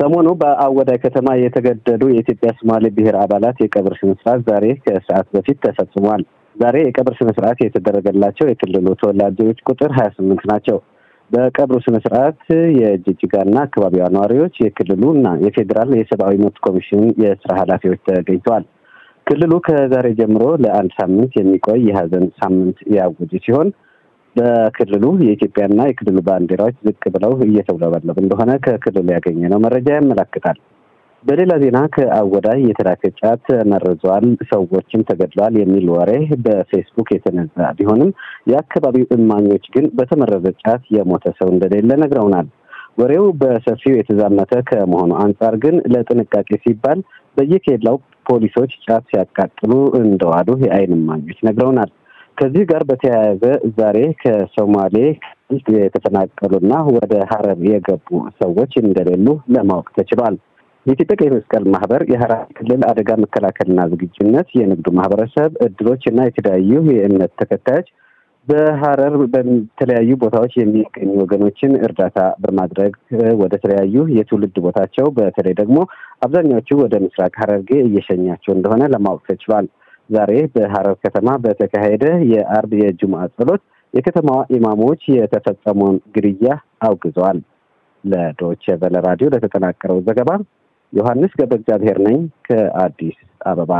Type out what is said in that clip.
ሰሞኑ በአወዳይ ከተማ የተገደሉ የኢትዮጵያ ሶማሌ ብሔር አባላት የቀብር ስነስርዓት ዛሬ ከሰዓት በፊት ተፈጽሟል። ዛሬ የቀብር ስነስርዓት የተደረገላቸው የክልሉ ተወላጆች ቁጥር ሀያ ስምንት ናቸው። በቀብሩ ስነስርዓት የጅጅጋና አካባቢዋ ነዋሪዎች፣ የክልሉና የፌዴራል የሰብአዊ መብት ኮሚሽን የስራ ኃላፊዎች ተገኝተዋል። ክልሉ ከዛሬ ጀምሮ ለአንድ ሳምንት የሚቆይ የሀዘን ሳምንት ያወጀ ሲሆን በክልሉ የኢትዮጵያና የክልሉ ባንዲራዎች ዝቅ ብለው እየተውለበለቡ እንደሆነ ከክልሉ ነው መረጃ ያመላክታል። በሌላ ዜና ከአወዳይ የተላከ ጫት መርዟል፣ ሰዎችም ተገድለዋል የሚል ወሬ በፌስቡክ የተነዛ ቢሆንም የአካባቢው እማኞች ግን በተመረዘ ጫት የሞተ ሰው እንደሌለ ነግረውናል። ወሬው በሰፊው የተዛመተ ከመሆኑ አንጻር ግን ለጥንቃቄ ሲባል በየኬላው ፖሊሶች ጫት ሲያቃጥሉ እንደዋሉ የአይን እማኞች ነግረውናል። ከዚህ ጋር በተያያዘ ዛሬ ከሶማሌ የተፈናቀሉና ወደ ሀረር የገቡ ሰዎች እንደሌሉ ለማወቅ ተችሏል። የኢትዮጵያ ቀይ መስቀል ማህበር፣ የሀረሪ ክልል አደጋ መከላከልና ዝግጁነት፣ የንግዱ ማህበረሰብ እድሮች እና የተለያዩ የእምነት ተከታዮች በሀረር በተለያዩ ቦታዎች የሚገኙ ወገኖችን እርዳታ በማድረግ ወደ ተለያዩ የትውልድ ቦታቸው በተለይ ደግሞ አብዛኛዎቹ ወደ ምስራቅ ሀረርጌ እየሸኛቸው እንደሆነ ለማወቅ ተችሏል። ዛሬ በሐረር ከተማ በተካሄደ የአርብ የጁምዓ ጸሎት የከተማዋ ኢማሞች የተፈጸመውን ግድያ አውግዘዋል። ለዶች ቨለ ራዲዮ ለተጠናቀረው ዘገባ ዮሐንስ ገብረ እግዚአብሔር ነኝ ከአዲስ አበባ።